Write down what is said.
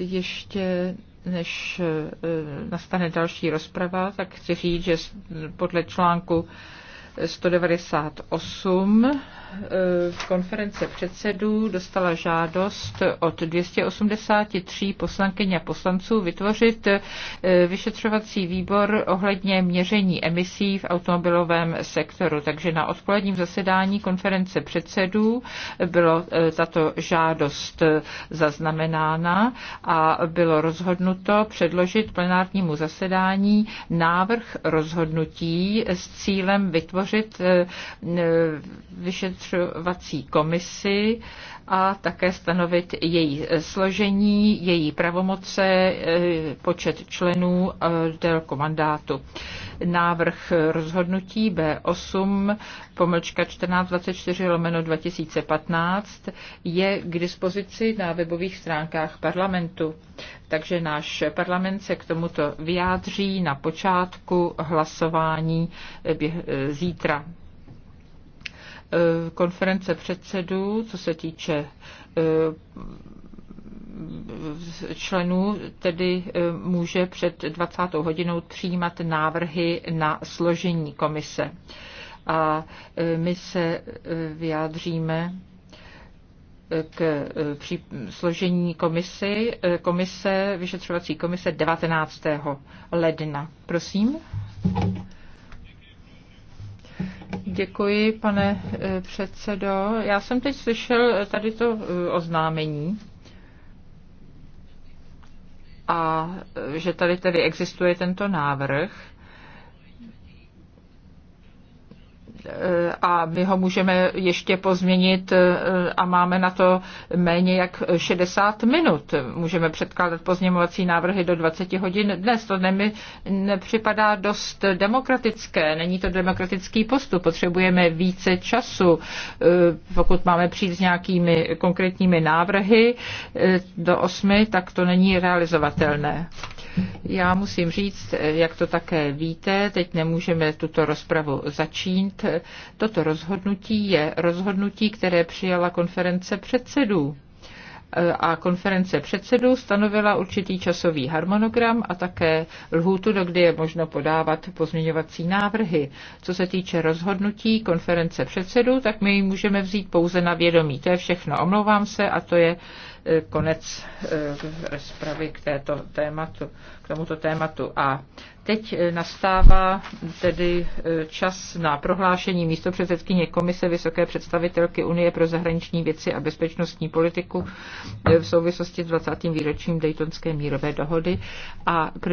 Ještě než eh, nastane další rozprava, tak chci říct, že podle článku 198 eh, konference předsedů dostala žádost od 283 poslankyň a poslanců vytvořit eh, vyšetřovací výbor ohledně měření emisí v automobilovém sektoru. Takže na odpoledním zasedání konference předsedů bylo eh, tato žádost zaznamenána a bylo rozhodnuto předložit plenárnímu zasedání návrh rozhodnutí s cílem vytvořit vytvořit eh, eh, vyšetřovací komisi a také stanovit její eh, složení, její pravomoce, počet členů, délku mandátu návrh rozhodnutí B8 pomlčka 1424 lomeno 2015 je k dispozici na webových stránkách parlamentu. Takže náš parlament se k tomuto vyjádří na počátku hlasování eh, eh, zítra eh, konference předsedů, co se týče členů tedy e, může před 20. hodinou přijímat návrhy na složení komise. A e, my se e, vyjádříme k při složení komisi, komise, vyšetřovací komise 19. ledna. Prosím. Děkuji, pane předsedo. Já jsem teď slyšel tady to oznámení a že tady tedy existuje tento návrh, Eh, a my ho můžeme ještě pozměnit eh, a máme na to méně jak 60 minut. Můžeme předkládat pozměňovací návrhy do 20 hodin dnes. To Ne nepřipadá dost demokratické. Není to demokratický postup. Potřebujeme více času, eh, pokud máme přijít s nějakými konkrétními návrhy do 8, tak to není realizovatelné. Já musím říct, jak to také víte, teď nemůžeme tuto rozpravu začít. Toto rozhodnutí je rozhodnutí, které přijala konference předsedů a konference předsedů stanovila určitý časový harmonogram a také lhůtu, do kdy je možno podávat pozměňovací návrhy. Co se týče rozhodnutí konference předsedů, tak my ji můžeme vzít pouze na vědomí. To je všechno. Omlouvám se a to je konec eh, rozpravy k, této tématu, k tomuto tématu. A teď eh, nastává tedy eh, čas na prohlášení místo předsedkyně Komise Vysoké představitelky Unie pro zahraniční věci a bezpečnostní politiku v souvislosti s 20. výročím Daytonské mírové dohody. A